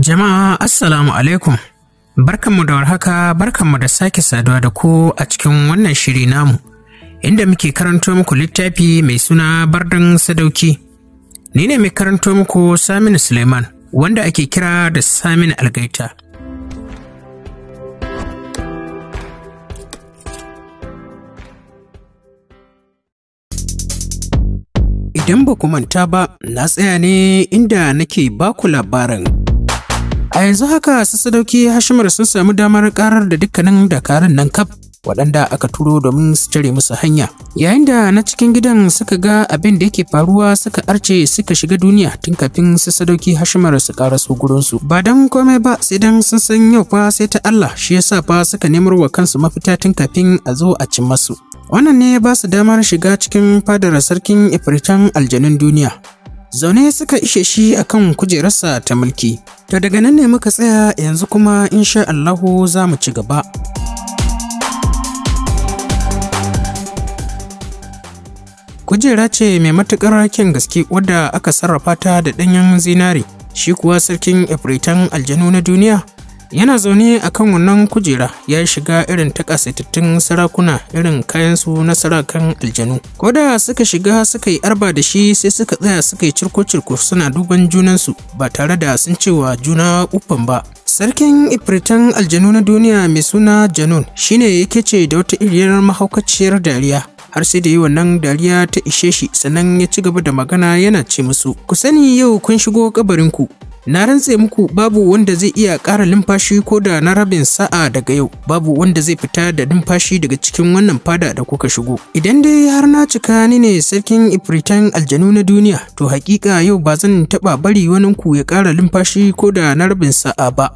Jama'a Assalamu alaikum. Barkanmu da warhaka, barkanmu da sake saduwa da ku a cikin wannan shiri namu, inda muke karanto muku littafi mai suna Bardan Sadauki. Ni ne mai karanto muku Saminu Suleiman, wanda ake kira da Saminu Algaita. Idan ba ku manta ba, na tsaya ne inda nake baku labarin A yanzu haka su sadauki Hashimar sun samu damar karar da dukkanin dakarun nan kaf waɗanda aka turo domin su cire musu hanya. Yayin da na cikin gidan suka ga abin da yake faruwa suka arce suka shiga duniya tun kafin su sadauki hashimar su su gurinsu. Ba don komai ba sai dan sun san yau fa sai ta Allah shi yasa fa suka nemar wa kansu mafita tun kafin a zo a cin masu. Wannan ne ba su damar shiga cikin fadar sarkin ifritan aljanun duniya. zaune suka ishe shi a kan kujerarsa ta mulki. To daga nan ne muka tsaya yanzu kuma insha Allahu za mu ci gaba. Kujera ce mai matuƙar kyan gaske wadda aka sarrafa ta da ɗanyen zinari, shi kuwa sarkin Efritan aljanu na duniya yana zaune a kan wannan kujera ya shiga irin ta kasaitattun sarakuna irin kayansu na sarakan aljanu ko da suka shiga suka yi arba da shi sai suka tsaya suka yi cirko-cirko suna duban junansu ba tare da sun cewa juna uffan ba sarkin ifritan aljanu na duniya mai suna janun shine yake ce da wata iriyar mahaukaciyar dariya har sai da yi wannan dariya ta ishe shi sannan ya ci gaba da magana yana ce musu ku sani yau kun shigo kabarinku Na rantse muku babu wanda zai iya ƙara numfashi ko da na rabin sa'a daga yau, babu wanda zai fita da numfashi daga cikin wannan fada da kuka shigo. Idan dai har na cika ni ne sarkin ifritan aljanu na duniya, to hakika yau ba zan taɓa bari waninku ya ƙara numfashi ko da na rabin sa'a ba.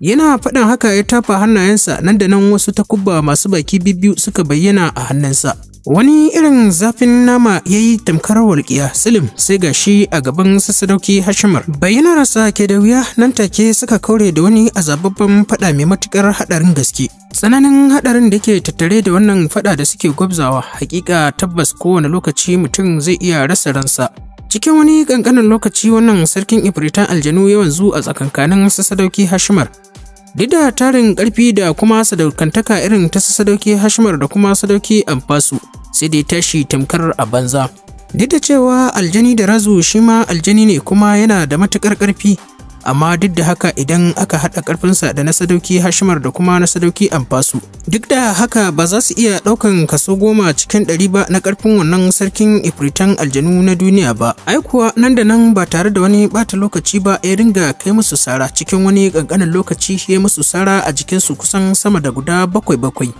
Yana faɗin haka ya tafa hannayensa nan da nan wasu takubba masu baki biyu suka bayyana a hannunsa. Wani irin zafin nama ya yi tamkar walƙiya silim sai ga shi a gaban sassadauki Hashimar. Bayyanarsa ke da wuya nan take suka kaure da wani azababban faɗa mai matuƙar haɗarin gaske. Tsananin haɗarin da ke tattare da wannan faɗa da suke gwabzawa hakika tabbas kowane lokaci mutum zai iya rasa ransa. Cikin wani ƙanƙanin lokaci wannan sarkin Ifritan aljanu ya wanzu a tsakankanin sassadauki Hashimar. Duk da tarin ƙarfi da kuma sadaukantaka irin ta sassadauki Hashimar da kuma sadauki Amfasu sai dai tashi tamkar a banza. Duk da cewa aljani da razu shi ma aljani ne kuma yana da matuƙar ƙarfi amma duk da haka idan aka haɗa ƙarfinsa da na sadauki hashimar da kuma na sadauki amfasu duk da haka ba za su iya ɗaukan kaso goma cikin ɗari ba na ƙarfin wannan sarkin ifritan aljanu na duniya ba ai kuwa nan da nan ba tare da wani ɓata lokaci ba ya ringa kai musu sara cikin wani ƙanƙanin lokaci ya musu sara a jikinsu kusan sama da guda bakwai bakwai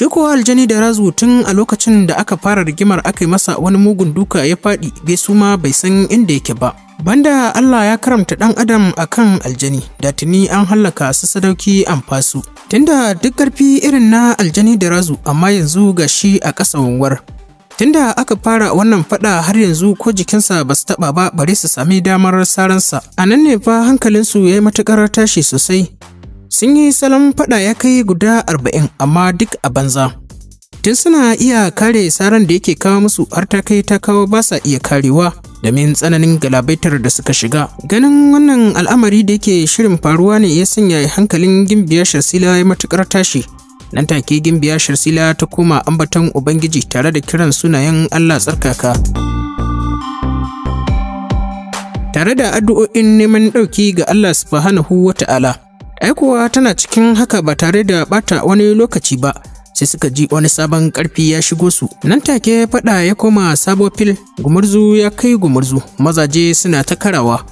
Shi kuwa aljani da razu tun a lokacin da aka fara rigimar aka yi masa wani mugun duka ya faɗi bai suma bai san inda yake ba. Banda Allah ya karamta ɗan adam a kan aljani, da tuni an hallaka su sadauki an fasu. Tunda duk ƙarfi irin na aljani da razu amma yanzu ga shi a ƙasa wanwar. Tunda aka fara wannan faɗa har yanzu ko jikinsa ba su taɓa ba bare su sami damar saransa. A nan ne fa hankalinsu ya yi matuƙar tashi sosai. Sun yi salon faɗa ya kai guda arba'in amma duk a banza. Tun suna iya kare saran da yake kawo musu har ta kai ta kawo ba sa iya karewa domin tsananin galabaitar da suka shiga. Ganin wannan al'amari da yake shirin faruwa ne ya sanya hankalin gimbiya Sharsila ya matuƙar tashi. Nan take gimbiya Sharsila ta koma ambaton Ubangiji tare da kiran sunayen Allah tsarkaka. tare da addu'o'in neman ɗauki ga Allah subhanahu wa ta'ala. ai tana cikin haka ba tare da bata wani lokaci ba sai suka ji wani sabon karfi ya shigo su nan take fada ya koma sabo fil gumurzu ya kai gumurzu mazaje suna ta karawa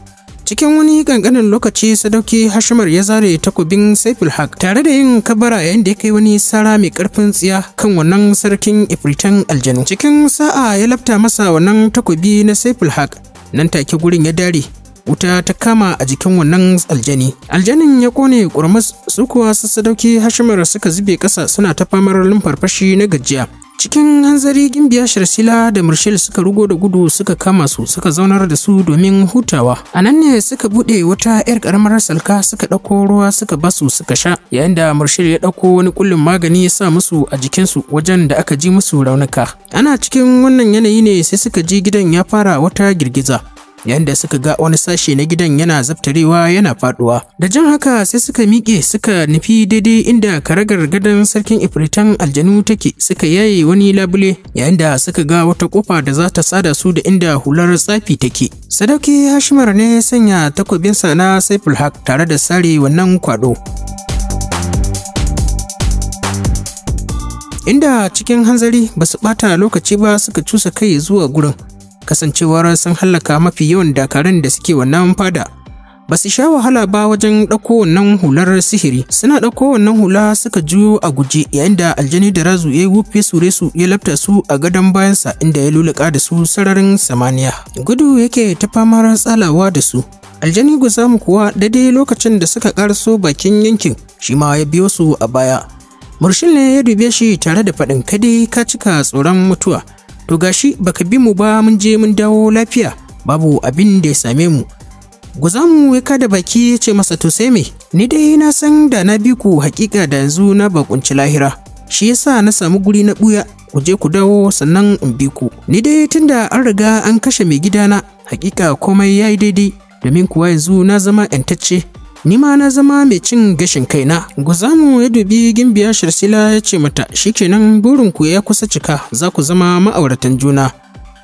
cikin wani kankanin lokaci sadauki hashimar ya zare takobin saiful haq tare da yin kabara yayin da ya kai wani sara mai karfin tsiya kan wannan sarkin ifritan aljanu cikin sa'a ya lafta masa wannan takobi na saiful haq nan take gurin ya dare wuta ta kama a jikin wannan aljani aljanin ya kone kurmus su kuwa sassadauki hashimar suka zube ƙasa suna ta famar lumfarfashi na gajiya cikin hanzari gimbiya sharsila da murshil suka rugo da gudu suka kama su suka zaunar da su domin hutawa a nan ne suka buɗe wata 'yar karamar salka suka ɗauko ruwa suka basu suka sha yayin da murshil ya ɗauko wani kullun magani ya sa musu a jikinsu wajen da aka ji musu raunuka ana cikin wannan yanayi ne sai suka ji gidan ya fara wata girgiza yanda suka ga wani sashe na gidan yana zaftarewa yana faduwa da jan haka sai suka miƙe suka nufi daidai inda karagar gadon sarkin ifritan aljanu take suka yaye wani labule yayin da suka ga wata kofa da za ta sada su da inda hular tsafi take sadauki hashimar ne ya sanya takwabinsa na saiful haq tare da sare wannan kwado inda cikin hanzari ba su ɓata lokaci ba suka cusa kai zuwa gurin kasancewar sun hallaka mafi yawan dakarun da suke wannan fada ba su sha wahala ba wajen ɗauko wannan hular sihiri suna ɗauko wannan hula suka juyo a guje yayin da aljani da razu ya wufe sure su ya lafta su a gadon bayansa inda ya luluka da su sararin samaniya gudu yake ta famar tsalawa da su aljani guzamu kuwa daidai lokacin da suka karaso bakin yankin shi ma ya biyo su a baya murshin ne ya dube shi tare da faɗin kadi ka cika tsoron mutuwa to gashi baka bi mu ba mun je mun dawo lafiya babu abin da ya same mu Guzamu ya kada baki ya ce masa to sai me ni dai na san da na bi ku hakika da yanzu na bakunci lahira shi yasa na samu guri na buya ku je ku dawo sannan in bi ku ni dai tunda an riga an kashe mai gidana hakika komai yayi daidai domin kuwa yanzu na zama yantacce ni ma na zama mai cin gashin kaina guzamu ya dubi gimbiya shirsila ya ce mata shikenan ku ya kusa cika za ku zama ma'auratan juna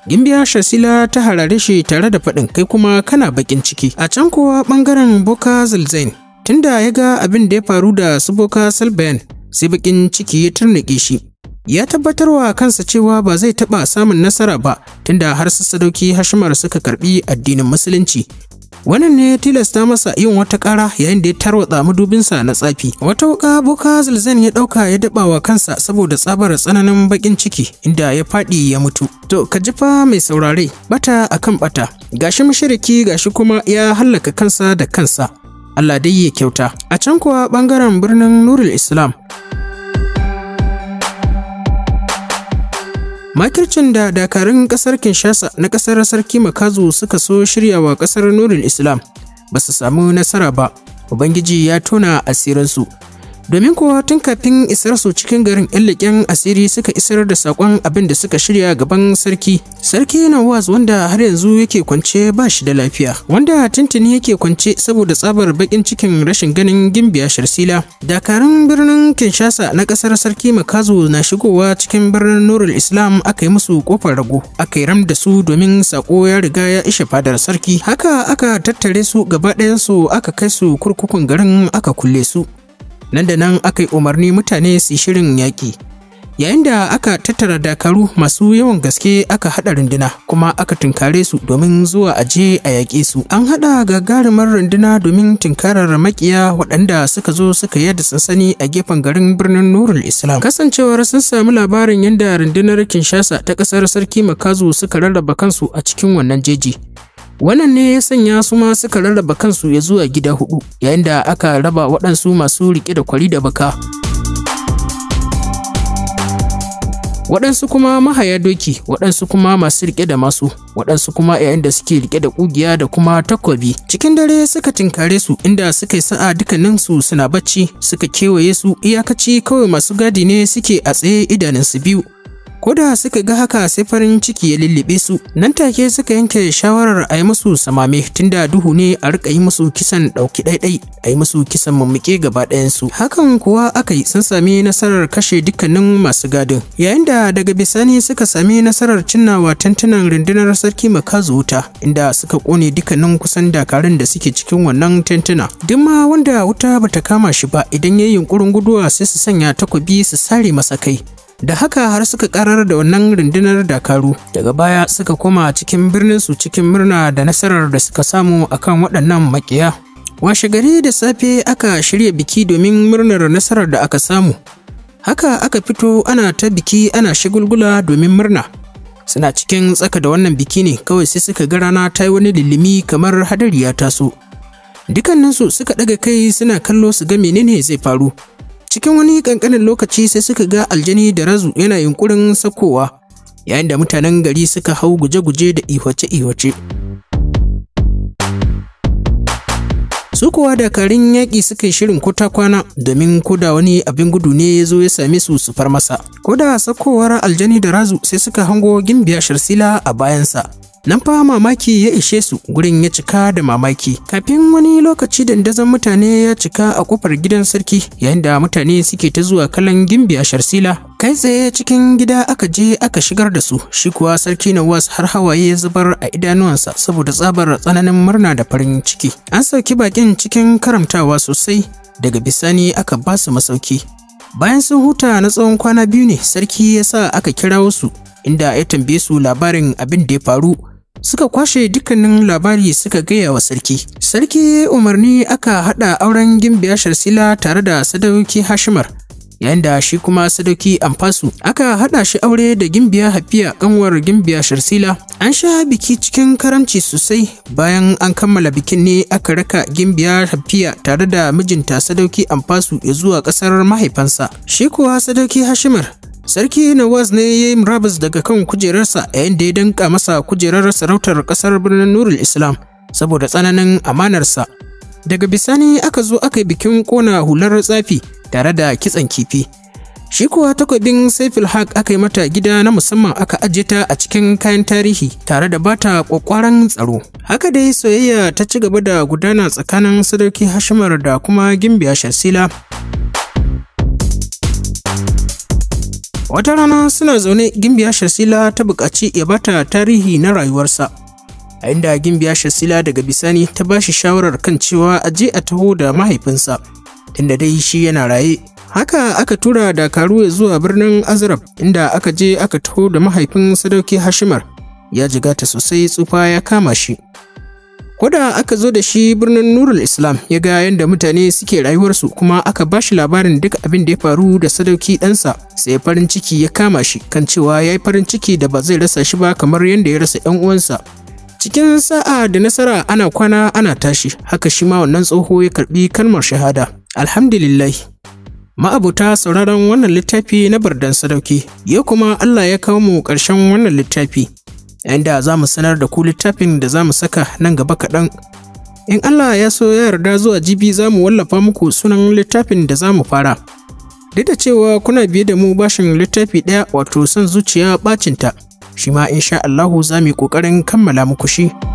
gimbiya shirsila ta harare shi tare da faɗin kai kuma kana bakin ciki a can kowa ɓangaren boka tunda ya ga abin da ya faru da su boka salbayan sai baƙin ciki ya turnuƙe shi ya tabbatar wa kansa cewa ba zai taɓa samun nasara ba tunda har su sadauki hashimar suka karɓi addinin musulunci wannan ne ya tilasta masa yin wata kara yayin da ya tarwatsa madubinsa na tsafi wata wuka buka zalzan ya ɗauka ya daɓa wa kansa saboda tsabar tsananin baƙin ciki inda ya faɗi ya mutu to ka ji fa mai saurare bata akan bata gashi mashiriki gashi kuma ya hallaka kansa da kansa Allah dai ya kyauta a can kuwa ɓangaren birnin Nurul Islam makircin da dakarun kasar kinshasa na kasar sarki makazu suka so shirya wa kasar nurul islam ba su samu nasara ba ubangiji ya tona asirinsu domin kuwa tun kafin isar su cikin garin yan leƙen asiri suka isar da saƙon abin da suka shirya gaban sarki sarki nawaz wanda har yanzu yake kwance ba shi da lafiya wanda tuntuni yake kwance saboda tsabar baƙin cikin rashin ganin gimbiya sharsila dakarun birnin kinshasa na ƙasar sarki makazu na shigowa cikin birnin nurul islam aka yi musu kofar rago aka yi da su domin sako ya riga ya ishe fadar sarki haka aka tattare su gaba ɗayan su aka kai su kurkukun garin aka kulle su nan da nan aka yi umarni mutane su yi shirin yaƙi yayin da aka tattara dakaru masu yawan gaske aka haɗa runduna kuma aka tunkare su domin zuwa aje a yaƙe su an haɗa gagarumar runduna domin tunkarar maƙiya waɗanda suka zo suka yada sansani a gefen garin birnin nurul islam kasancewar sun sami labarin yadda rundunar kinshasa ta ƙasar sarki makazu suka rarraba kansu a cikin wannan jeji Wannan ne ya sanya su ma suka rarraba kansu ya zuwa gida hudu, yayin da aka raba waɗansu masu riƙe da kwari da baka. Waɗansu kuma mahaya doki, waɗansu kuma masu riƙe da masu, waɗansu kuma yayin da suke riƙe da ƙugiya da kuma takobi. Cikin dare suka tinkare su inda suka yi sa'a dukkanin suna bacci, suka kewaye su iyakaci kawai masu gadi ne suke a tsaye idanunsu biyu ko suka ga haka sai farin ciki ya lullube su nan take suka yanke shawarar a yi musu samame tunda duhu ne a rika yi musu kisan ɗauki ɗaiɗai a yi musu kisan mummuke gaba ɗayansu hakan kuwa aka yi sun sami nasarar kashe dukkanin masu gadin yayin da daga bisani suka sami nasarar cinnawa tantunan rundunar sarki makazu wuta inda suka kone dukkanin kusan dakarun da suke cikin wannan tantuna duk ma wanda wuta bata kama shi ba idan ya yi yunkurin guduwa sai su sanya takobi su sare masa kai da haka har suka karar da wannan rundunar dakaru daga baya suka koma cikin birnin su cikin murna da nasarar da suka samu akan waɗannan makiya washe gari da safe aka shirya biki domin murnar nasarar da aka samu haka aka fito ana ta biki ana shagulgula domin murna suna cikin tsaka da wannan biki ne kawai sai suka ga rana ta yi wani lilimi kamar hadari ya taso Dukkaninsu suka ɗaga kai suna kallo su ga menene zai faru cikin wani kankanin lokaci sai suka ga aljani da razu yana yunkurin sakowa yayin da mutanen gari suka hau guje-guje da ihwace-ihwace su kuwa dakarun yaƙi suka yi shirin kota kwana domin koda wani abin gudu ne ya zo ya same su su far masa koda sakowar aljani da razu sai suka hango gimbiya sharsila a bayansa Nan fa mamaki ya ishe su gurin ya cika da mamaki. Kafin wani lokaci dandazon mutane ya cika a kofar gidan sarki yayin da mutane suke ta zuwa kalan gimbi a Sharsila. Kai tsaye cikin gida aka je aka shigar da su, shi kuwa sarki na Nawas har hawaye ya zubar a idanuwansa saboda tsabar tsananin murna da farin ciki. An sauki bakin cikin karamtawa sosai daga bisani aka ba su masauki. Bayan sun huta na tsawon kwana biyu ne sarki ya sa aka kirawo su inda ya tambaye su labarin abin da ya faru suka kwashe dukkanin labari suka gaya wa sarki. Sarki umarni aka haɗa auren gimbiya Sharsila tare da sadauki Hashimar, yayin da shi kuma sadauki Amfasu aka haɗa shi aure da gimbiya Hafiya ƙanwar gimbiya Sharsila. An sha biki cikin karamci sosai bayan an kammala bikin ne aka raka gimbiya Hafiya tare da mijinta sadauki Amfasu ya zuwa ƙasar mahaifansa. Shi kuwa sadauki Hashimar Sarki Nawaz ne ya yi murabus daga kan kujerarsa yayin da ya danka masa kujerar sarautar ƙasar birnin Nurul Islam saboda tsananin amanarsa. Daga bisani aka zo aka yi bikin kona hular tsafi tare da kitsan kifi. Shi kuwa takwabin Saiful Haq aka yi mata gida na musamman aka ajiye ta a cikin kayan tarihi tare da bata kwakwaran tsaro. Haka dai soyayya ta ci gaba da gudana tsakanin Sadauki Hashimar da kuma Gimbiya Sharsila. Wata rana suna zaune gimbiya Shasila ta buƙaci ya bata tarihi na rayuwarsa. A inda gimbiya Shasila daga bisani ta bashi shawarar kan cewa a je a taho da mahaifinsa, tunda dai shi yana raye. Haka aka tura Dakaru zuwa birnin Azrab inda aka je aka taho da mahaifin sadauki Hashimar. Ya jigata sosai tsufa ya kama shi. Wada aka zo da shi birnin Nurul Islam ya ga yadda mutane suke rayuwarsu kuma aka bashi labarin duk abin da ya faru da sadauki ɗansa sai farin ciki ya kama shi kan cewa ya yi farin ciki da ba zai rasa shi ba kamar yadda ya rasa ‘yan uwansa. Cikin sa'a da nasara ana kwana ana tashi haka shi ma wannan tsoho ya karɓi kalmar shahada. alhamdulillahi. Ma'abuta sauraron wannan littafi na bardan sadauki, yau kuma Allah ya kawo mu ƙarshen wannan littafi. Yanda za mu sanar da ku littafin da za mu saka nan gaba kaɗan. In Allah ya so ya yarda zuwa jibi za mu wallafa muku sunan littafin da za mu fara. Duk da cewa kuna biye da mu bashin littafi ɗaya wato son zuciya bacinta, shi ma insha Allahu za mu yi ƙoƙarin kammala muku shi.